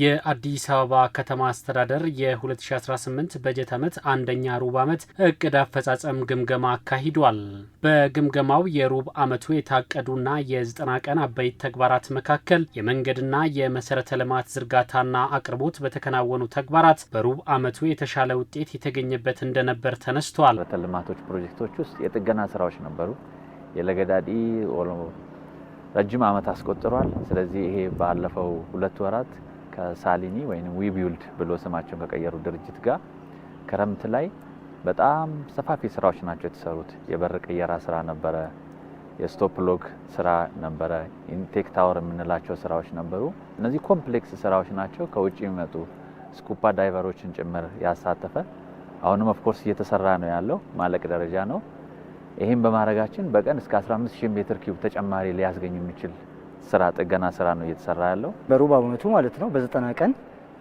የአዲስ አበባ ከተማ አስተዳደር የ2018 በጀት ዓመት አንደኛ ሩብ ዓመት እቅድ አፈጻጸም ግምገማ አካሂዷል። በግምገማው የሩብ ዓመቱ የታቀዱና የዘጠና ቀን አበይት ተግባራት መካከል የመንገድና የመሰረተ ልማት ዝርጋታና አቅርቦት በተከናወኑ ተግባራት በሩብ ዓመቱ የተሻለ ውጤት የተገኘበት እንደነበር ተነስቷል። መሰረተ ልማቶች ፕሮጀክቶች ውስጥ የጥገና ስራዎች ነበሩ። የለገዳዲ ረጅም ዓመት አስቆጥሯል። ስለዚህ ይሄ ባለፈው ሁለት ወራት ከሳሊኒ ወይም ዊ ቢውልድ ብሎ ስማቸውን ከቀየሩ ድርጅት ጋር ክረምት ላይ በጣም ሰፋፊ ስራዎች ናቸው የተሰሩት። የበር ቅየራ ስራ ነበረ፣ የስቶፕ ሎግ ስራ ነበረ፣ ኢንቴክ ታወር የምንላቸው ስራዎች ነበሩ። እነዚህ ኮምፕሌክስ ስራዎች ናቸው። ከውጭ የሚመጡ ስኩፓ ዳይቨሮችን ጭምር ያሳተፈ አሁንም ኦፍኮርስ እየተሰራ ነው ያለው፣ ማለቅ ደረጃ ነው። ይህም በማድረጋችን በቀን እስከ 15000 ሜትር ኪዩብ ተጨማሪ ሊያስገኝ የሚችል ስራ ጥገና ስራ ነው እየተሰራ ያለው። በሩብ ዓመቱ ማለት ነው በዘጠና ቀን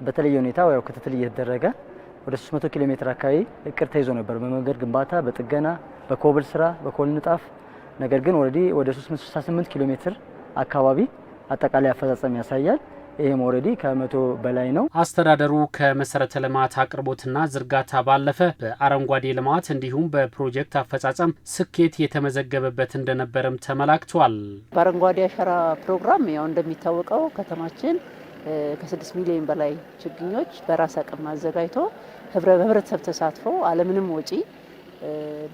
በተለየ ሁኔታ ያው ክትትል እየተደረገ ወደ 300 ኪሎ ሜትር አካባቢ እቅድ ተይዞ ነበር በመንገድ ግንባታ፣ በጥገና፣ በኮብል ስራ፣ በኮል ንጣፍ። ነገር ግን ወደ 368 ኪሎ ሜትር አካባቢ አጠቃላይ አፈጻጸም ያሳያል። ይህም ኦልሬዲ ከመቶ በላይ ነው። አስተዳደሩ ከመሰረተ ልማት አቅርቦትና ዝርጋታ ባለፈ በአረንጓዴ ልማት እንዲሁም በፕሮጀክት አፈጻጸም ስኬት የተመዘገበበት እንደነበረም ተመላክቷል። በአረንጓዴ አሻራ ፕሮግራም ያው እንደሚታወቀው ከተማችን ከስድስት ሚሊዮን በላይ ችግኞች በራስ አቅም አዘጋጅቶ በህብረተሰብ ተሳትፎ አለምንም ወጪ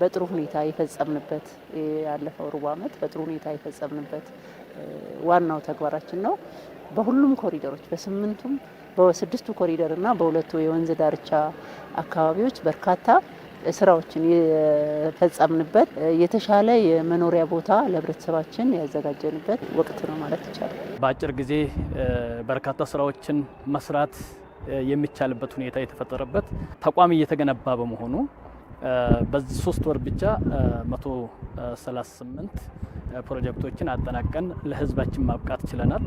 በጥሩ ሁኔታ የፈጸምንበት ያለፈው ሩብ ዓመት በጥሩ ሁኔታ የፈጸምንበት ዋናው ተግባራችን ነው። በሁሉም ኮሪደሮች በስምንቱም በስድስቱ ኮሪደር እና በሁለቱ የወንዝ ዳርቻ አካባቢዎች በርካታ ስራዎችን የፈጸምንበት የተሻለ የመኖሪያ ቦታ ለህብረተሰባችን ያዘጋጀንበት ወቅት ነው ማለት ይቻላል። በአጭር ጊዜ በርካታ ስራዎችን መስራት የሚቻልበት ሁኔታ የተፈጠረበት ተቋም እየተገነባ በመሆኑ በዚህ ሶስት ወር ብቻ 138 ፕሮጀክቶችን አጠናቀን ለህዝባችን ማብቃት ችለናል።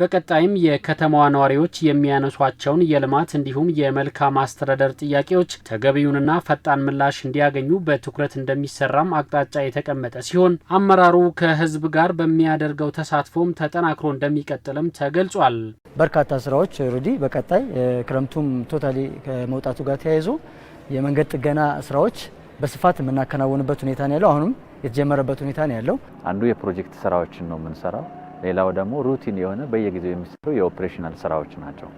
በቀጣይም የከተማዋ ነዋሪዎች የሚያነሷቸውን የልማት እንዲሁም የመልካም አስተዳደር ጥያቄዎች ተገቢውንና ፈጣን ምላሽ እንዲያገኙ በትኩረት እንደሚሰራም አቅጣጫ የተቀመጠ ሲሆን አመራሩ ከህዝብ ጋር በሚያደርገው ተሳትፎም ተጠናክሮ እንደሚቀጥልም ተገልጿል። በርካታ ስራዎች ሩዲ በቀጣይ ክረምቱም ቶታሊ ከመውጣቱ ጋር ተያይዞ የመንገድ ጥገና ስራዎች በስፋት የምናከናውንበት ሁኔታ ነው ያለው። አሁንም የተጀመረበት ሁኔታ ነው ያለው። አንዱ የፕሮጀክት ስራዎችን ነው የምንሰራው ሌላው ደግሞ ሩቲን የሆነ በየጊዜው የሚሰሩ የኦፕሬሽናል ስራዎች ናቸው።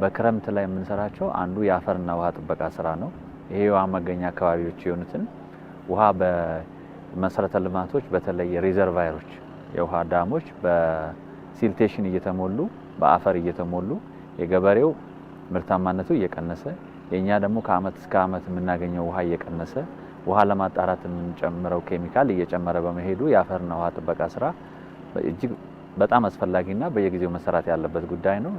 በክረምት ላይ የምንሰራቸው አንዱ የአፈርና ውሃ ጥበቃ ስራ ነው። ይሄ የውሃ መገኛ አካባቢዎች የሆኑትን ውሃ በመሰረተ ልማቶች በተለይ ሪዘርቫየሮች፣ የውሃ ዳሞች በሲልቴሽን እየተሞሉ በአፈር እየተሞሉ የገበሬው ምርታማነቱ እየቀነሰ የእኛ ደግሞ ከአመት እስከ አመት የምናገኘው ውሃ እየቀነሰ ውሃ ለማጣራት የምንጨምረው ኬሚካል እየጨመረ በመሄዱ የአፈርና ውሃ ጥበቃ ስራ እጅግ በጣም አስፈላጊና በየጊዜው መሰራት ያለበት ጉዳይ ነው።